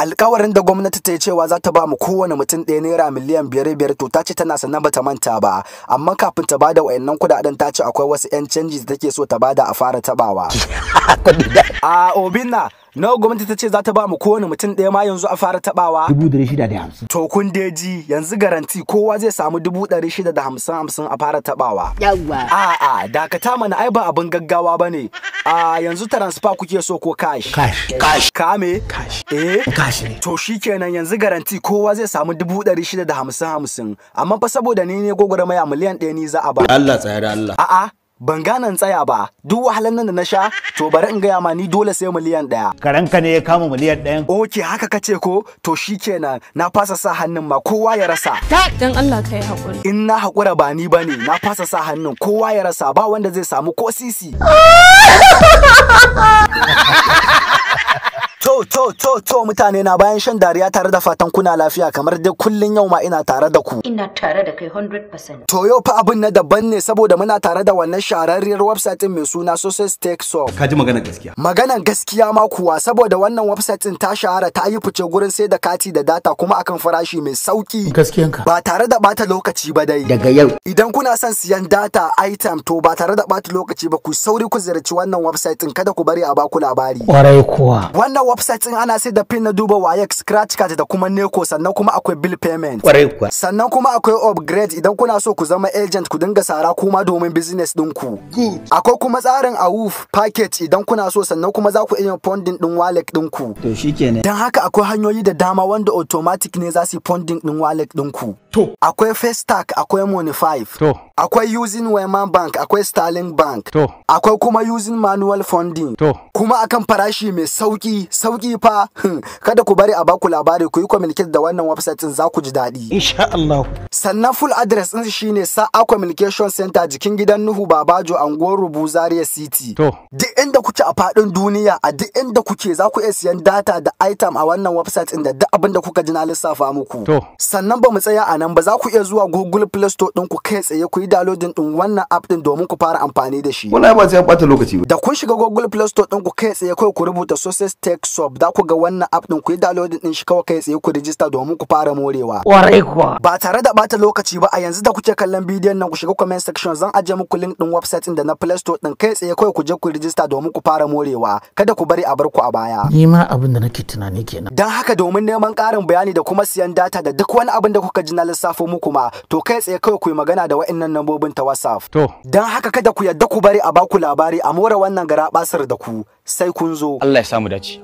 alkawarin da gwamnati ta yi cewa za ta ba mu kowane mutum ɗaya naira miliyan biyar biyar to ta ce tana ba ta manta ba amma kafin ta bada wayannan kudaden ta ce akwai wasu yan canji da take so ta bada a fara tabawa a obinna na gwamnati ta ce za ta ba mu kowane mutum ɗaya ma yanzu a fara tabawa dubu ɗari shida da hamsin to kun deji yanzu garanti kowa zai samu dubu ɗari shida da hamsin hamsin a fara tabawa yawwa a'a dakata mana ai ba abin gaggawa ba ne a yanzu transfer kuke so ko cash cash cash kame cash eh cash ne to shikenan yanzu garanti kowa zai samu dubu ɗari shida da hamsin hamsin amma fa saboda ni ne gwagwarmaya miliyan ɗaya ni za a ba Allah tsaya da Allah a'a ban gane in tsaya ba duk wahalan nan da na sha to bari in gaya ma ni dole sai miliyan ɗaya. Karanka ne ya kama miliyan ɗayan. Ok haka ka ce ko to shi kenan na fasa sa hannun ma kowa ya rasa. dan Allah ka yi haƙuri. In na hakura ba ni ba ne na fasa sa hannun kowa ya rasa ba wanda zai samu ko sisi. mutane na bayan shan dariya tare da fatan kuna lafiya kamar dai kullun yau ma ina tare da ku. Ina tare da kai 100%. To yau fa abin na daban ne saboda muna tare da wannan shahararriyar website mai suna Success Tech Shop. Ka ji maganar gaskiya. Maganar gaskiya ma kuwa saboda wannan website din ta shahara ta yi fice gurin sai da kati da data kuma akan farashi mai sauki. Gaskiyanka. Ba tare da bata lokaci ba dai. Daga yau. Idan kuna son siyan data item to ba tare da bata lokaci ba ku sauri ku ziyarci wannan website din kada ku bari a baku labari. Kwarai kuwa. Wannan website din ana sai da pin abin na duba wayex scratch card da kuma neko sannan kuma akwai bill payment kwarai kuwa sannan kuma akwai upgrade idan kuna so ku zama agent ku dinga sara kuma domin business din ku akwai kuma tsarin awuf package idan kuna so sannan kuma za ku iya funding din wallet din ku to shikenan dan haka akwai hanyoyi da dama wanda automatic ne za su funding din wallet din ku to akwai stack akwai Money5 to akwai using Wema Bank, akwai Sterling Bank, akwai kuma using manual funding, to. kuma akan farashi mai sauki, sauki fa, hmm, kada ku bari a baku labari ku yi communicate da wannan website za ku ji daɗi. Insha Sannan full address ɗin shine Sa'a Communication Center jikin gidan Nuhu Babajo anguwar Rubu Zaria City. To. Duk inda kuke a faɗin duniya, a duk inda kuke za ku iya siyan data da item a wannan website inda da duk abin da kuka ji na lissafa muku. Sannan ba mu tsaya a nan ba za ku iya zuwa Google Play Store ɗin ku kai tsaye ku yi downloading din wannan app din domin ku fara amfani da shi wallahi ba zai bata lokaci ba da kun shiga Google Play Store din ku kai tsaye kai ku rubuta Success Tech Shop da ku ga wannan app din ku yi downloading din shi kawai kai tsaye ku register domin ku fara morewa kwarai kuwa ba tare da bata lokaci ba a yanzu da kuke kallon bidiyon nan ku shiga comment section zan aje muku link din website din da na Play Store din kai tsaye kai ku je ku register domin ku fara morewa kada ku bari a bar ku a baya ni ma abin da nake tunani kenan dan haka domin neman ƙarin bayani da kuma siyan data da duk wani abin da kuka ji na lissafo muku ma to kai tsaye kai ku yi magana da wa'annan lambobin ta WhatsApp. To. Don haka kada ku yadda ku bari a baku labari a more wannan garaɓasar da ku sai kun zo. Allah ya samu dace.